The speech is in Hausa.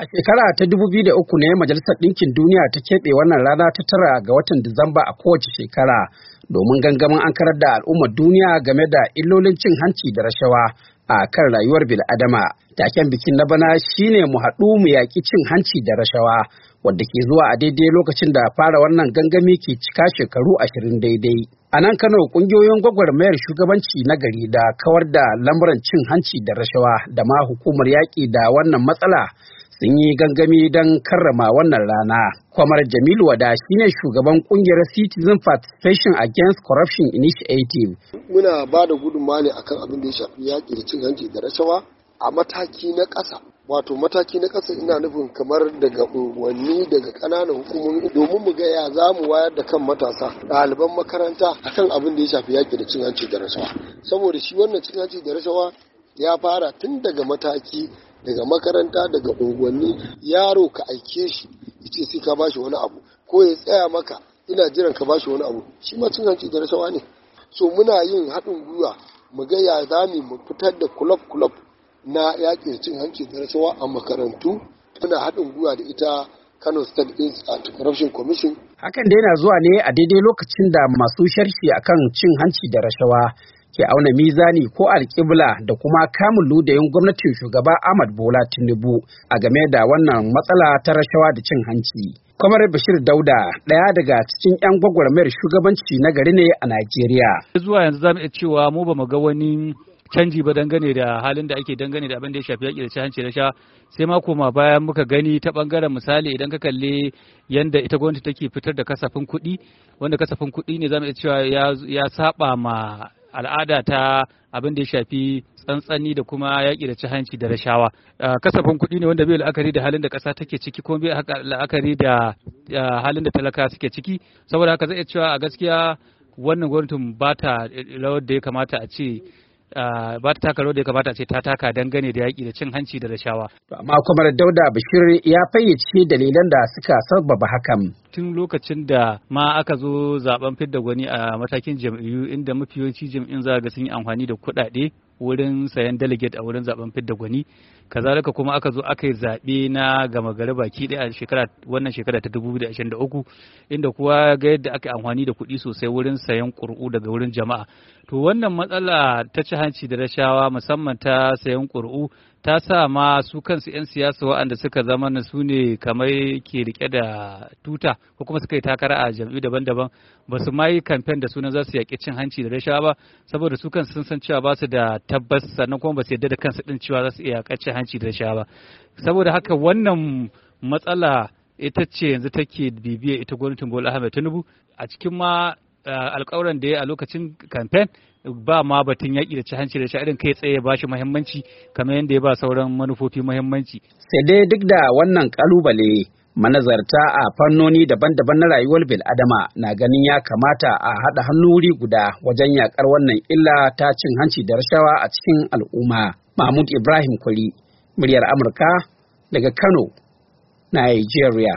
A shekara ta da 2003 ne Majalisar Ɗinkin Duniya ta keɓe wannan rana ta tara ga watan Disamba a kowace shekara domin gangamin an karar da al'ummar duniya game da illolin cin hanci da rashawa a kan rayuwar bil'adama. Taken bikin na bana shine mu haɗu mu yaƙi cin hanci da rashawa wadda ke zuwa a daidai lokacin da fara wannan gangami ke cika shekaru ashirin daidai. A nan Kano ƙungiyoyin gwagwarmayar shugabanci na gari da kawar da lamuran cin hanci da rashawa da ma hukumar yaƙi da wannan matsala sun yi gangami don karrama wannan rana. Kwamar Jamilu Wada shi ne shugaban kungiyar Citizen Participation Against Corruption Initiative. Muna ba da gudunmawa ne akan abin da ya shafi yaƙi da cin hanci da rashawa a mataki na ƙasa. Wato mataki na ƙasa ina nufin kamar daga unguwanni daga ƙananan hukumomi domin mu ga ya za mu wayar da kan matasa ɗaliban makaranta akan abin da ya shafi yaƙi da cin hanci da rashawa. Saboda shi wannan cin hanci da rashawa ya fara tun daga mataki daga makaranta daga unguwanni yaro ka aike shi ce sai ka bashi wani abu ko ya tsaya maka ina jiran ka bashi wani abu shi ma cin hanci da rasawa ne so muna yin haɗin gwiwa mu ga ya zami mu fitar da kulob kulob na yaƙin cin hanci da rashawa a makarantu muna haɗin gwiwa da ita Kano State Anti-Corruption Commission. Hakan da yana zuwa ne a daidai lokacin da masu sharshi akan cin hanci da rashawa ke auna mizani ko alƙibla da kuma kamun ludayin gwamnatin shugaba Ahmad Bola Tinubu a game da wannan matsala ta rashawa da cin hanci. Kwamar Bashir Dauda ɗaya daga cikin 'yan gwagwarmayar shugabanci na gari ne a Najeriya. Zuwa yanzu za mu iya cewa mu ba mu ga wani canji ba dangane da halin da ake dangane da abin da ya shafi yaƙi da cin hanci da sha sai ma koma bayan muka gani ta bangaren misali idan ka kalli yanda ita gwamnati take fitar da kasafin kuɗi wanda kasafin kuɗi ne za mu iya cewa ya saba ma al'ada ta abin da ya shafi tsantsani da kuma yaƙi da cihanci da rashawa kasafin kuɗi ne wanda bai la'akari da halin da ƙasa take ciki kuma bai la'akari da halin da talaka suke ciki saboda haka zai iya cewa a gaskiya wannan gwamnatin ba ta rawar da ya kamata a ce ba ta taka rawar da ya kamata ce ta taka dangane da yaƙi da cin hanci da rashawa. Amma kuma Dauda Bashir ya fayyace dalilan da suka sababa hakan. Tun lokacin da ma aka zo zaben fidda gwani a matakin jam'iyyu inda mafiyoci jam'in zaga sun yi amfani da kuɗaɗe wurin sayan delegate a wurin zaben fidda gwani kazalika kuma aka zo aka yi zaɓe na gama gari baki ɗaya a shekara wannan shekara ta 2023 inda kuwa ga yadda aka amfani da kuɗi sosai wurin sayan ƙuri'u daga wurin jama'a to wannan matsala ta ci hanci da rashawa musamman ta sayan ƙuri'u ta sa ma su kansu 'yan siyasa waɗanda suka zama na su ne kamar ke rike da tuta ko kuma suka yi takara a jam'i daban-daban ba su ma yi kamfen da sunan za su yaƙi cin hanci da rashawa ba saboda su kansu sun san cewa ba su da tabbas sannan kuma ba su yarda da kansu din cewa za su iya yaƙar cin hanci da rashawa ba saboda haka wannan matsala ita ce yanzu take bibiya ita gwamnatin Bola Ahmed Tinubu a cikin ma Eh, alƙawuran da ya a lokacin kamfen ba ma batun yaƙi da hanci da sha'irin kai tsaye ba shi muhimmanci kamar yadda ya ba sauran manufofi muhimmanci. Sai dai duk da wannan kalubale manazarta a fannoni daban-daban na rayuwar bil'adama na ganin ya kamata a haɗa hannu wuri guda wajen yaƙar wannan illa ta cin hanci da rashawa a cikin al'umma. Mahmud Ibrahim Kwari, muryar Amurka daga Kano, Nigeria.